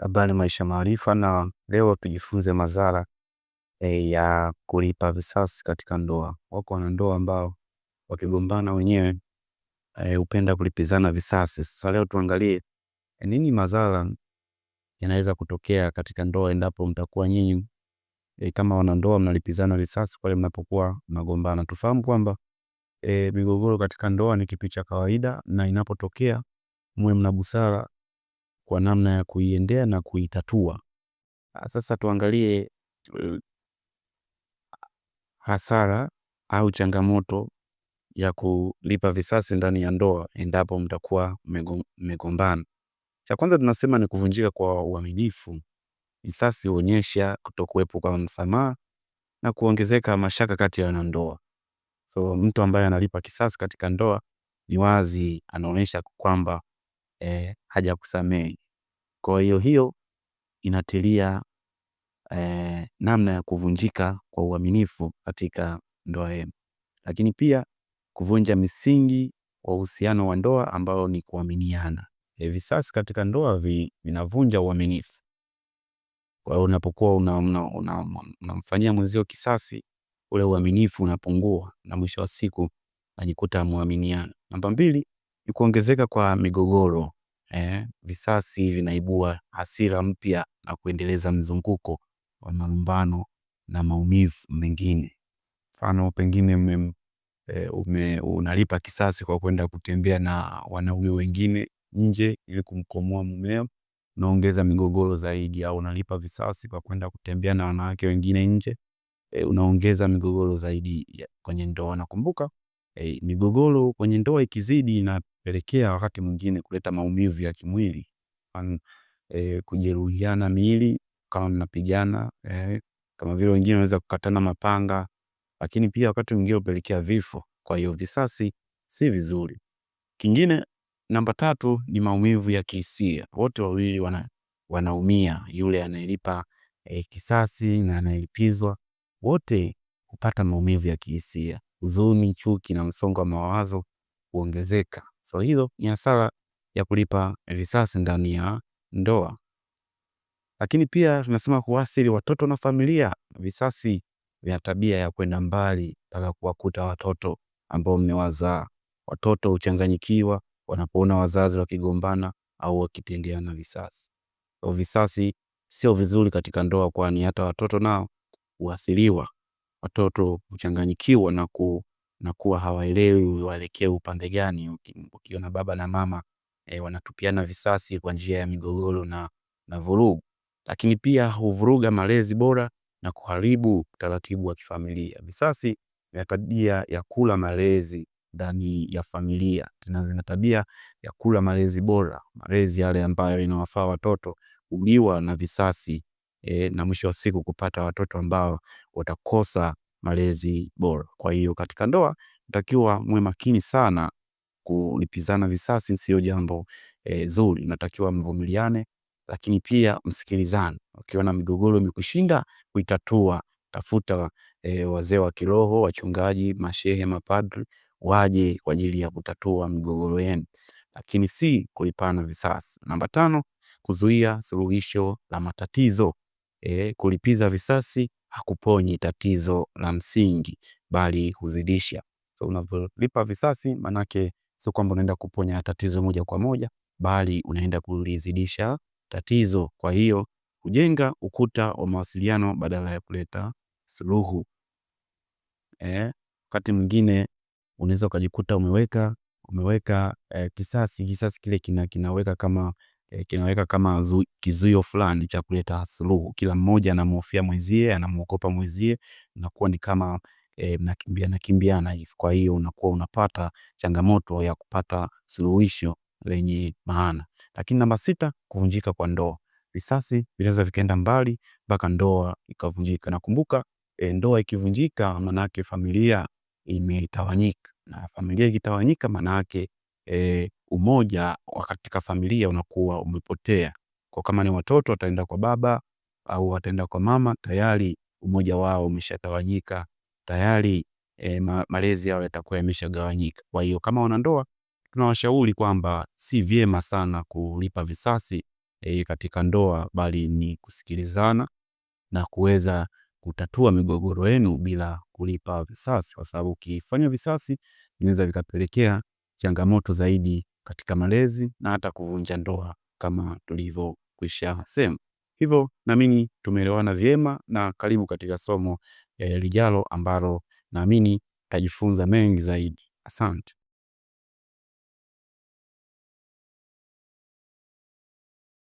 Habari Maisha Maarifa, na leo tujifunze madhara eh, ya kulipa visasi katika ndoa. Wako wanandoa ambao wakigombana wenyewe eh, upenda kulipizana visasi. Sasa leo tuangalie eh, nini madhara yanaweza kutokea katika ndoa endapo mtakuwa nyinyi kama wanandoa mnalipizana visasi pale mnapokuwa mnagombana. Tufahamu kwamba migogoro katika ndoa ni kitu cha kawaida, na inapotokea muwe mna busara kwa namna ya kuiendea na kuitatua. Ah, sasa tuangalie uh, hasara au changamoto ya kulipa visasi ndani ya ndoa endapo mtakuwa mmegombana. Cha kwanza tunasema ni kuvunjika kwa uaminifu. Visasi huonyesha kutokuwepo kwa msamaha na kuongezeka mashaka kati ya wanandoa. So mtu ambaye analipa kisasi katika ndoa ni wazi anaonyesha kwamba e, hajakusamehe. Kwa hiyo hiyo inatilia e, namna ya kuvunjika kwa uaminifu katika ndoa yenu, lakini pia kuvunja misingi wa uhusiano wa ndoa ambao ni kuaminiana. E, visasi katika ndoa vi, vinavunja uaminifu. Kwa hiyo unapokuwa unamfanyia una, una, una mwenzio kisasi, ule uaminifu unapungua na mwisho wa siku najikuta mwaminiana. Namba mbili, ni kuongezeka kwa migogoro eh, visasi vinaibua hasira mpya na kuendeleza mzunguko wa malumbano na maumivu mengine. Mfano pengine ume, eh, ume, unalipa kisasi kwa kwenda kutembea na wanaume wengine nje ili kumkomoa mumeo, unaongeza migogoro zaidi. Au unalipa visasi kwa kwenda kutembea na wanawake wengine nje e, unaongeza migogoro zaidi kwenye ndoa. Nakumbuka e, migogoro kwenye ndoa ikizidi na kupelekea wakati mwingine kuleta maumivu ya kimwili an, e, eh, kujeruhiana miili kama mnapigana e, kama vile wengine wanaweza kukatana mapanga, lakini pia wakati mwingine hupelekea vifo. Kwa hiyo visasi si vizuri. Kingine namba tatu ni maumivu ya kihisia. Wote wawili wana, wanaumia yule anayelipa e, kisasi na anayelipizwa, wote hupata maumivu ya kihisia. Huzuni, chuki na msongo wa mawazo huongezeka. So hiyo ni hasara ya kulipa visasi ndani ya ndoa. Lakini pia tunasema kuathiri watoto na familia. Visasi vina tabia ya kwenda mbali mpaka kuwakuta watoto ambao mmewazaa. Watoto huchanganyikiwa wanapoona wazazi wakigombana au wakitendeana visasi. So visasi sio vizuri katika ndoa, kwani hata watoto nao huathiriwa. Watoto huchanganyikiwa na ku na kuwa hawaelewi waelekee upande gani. Ukiona baba na mama e, wanatupiana visasi kwa njia ya migogoro na, na vurugu, lakini pia huvuruga malezi bora na kuharibu utaratibu wa kifamilia. Visasi vina tabia ya kula malezi ndani ya familia, tena vina tabia ya kula malezi bora, malezi yale ambayo inawafaa watoto uliwa na visasi e, na mwisho wa siku kupata watoto ambao watakosa malezi bora. Kwa hiyo katika ndoa natakiwa mwe makini sana, kulipizana visasi sio jambo e, zuri. Natakiwa mvumiliane, lakini pia msikilizane. Ukiona migogoro imekushinda kuitatua, tafuta e, wazee wa kiroho, wachungaji, mashehe, mapadri waje kwa ajili ya kutatua migogoro yenu, lakini si kulipana visasi. Namba tano, kuzuia suluhisho la matatizo e, kulipiza visasi hakuponyi tatizo la msingi bali huzidisha. So unavyolipa visasi, manake sio kwamba unaenda kuponya tatizo moja kwa moja, bali unaenda kulizidisha tatizo. Kwa hiyo kujenga ukuta wa mawasiliano badala ya kuleta suluhu. Eh, wakati mwingine unaweza ukajikuta umeweka umeweka e, kisasi. Kisasi kile kina, kinaweka kama e, kinaweka kama kizuio fulani cha kuleta suluhu. Kila mmoja anamhofia mwenzie, anamwogopa mwenzie, nakuwa ni kama e, nakimbiana kimbiana hivi. Kwa hiyo unakuwa unapata changamoto ya kupata suluhisho lenye maana. Lakini namba sita, kuvunjika kwa ndoa. Visasi vinaweza vikaenda mbali mpaka ndoa ikavunjika. Nakumbuka e, ndoa ikivunjika, maanake familia imetawanyika, na familia ikitawanyika, maanake e, umoja katika familia unakuwa umepotea. Kwa kama ni watoto wataenda kwa baba au wataenda kwa mama, tayari umoja wao umeshatawanyika tayari, e, ma, malezi yao yatakuwa yameshagawanyika. Kwa hiyo kama wanandoa tunawashauri kwamba si vyema sana kulipa visasi e, katika ndoa, bali ni kusikilizana na kuweza kutatua migogoro yenu bila kulipa visasi, kwa sababu ukifanya visasi vinaweza vikapelekea changamoto zaidi katika malezi na hata kuvunja ndoa kama tulivyokwisha sema. Hivyo naamini tumeelewana vyema, na karibu katika somo eh, lijalo ambalo naamini tajifunza mengi zaidi. Asante.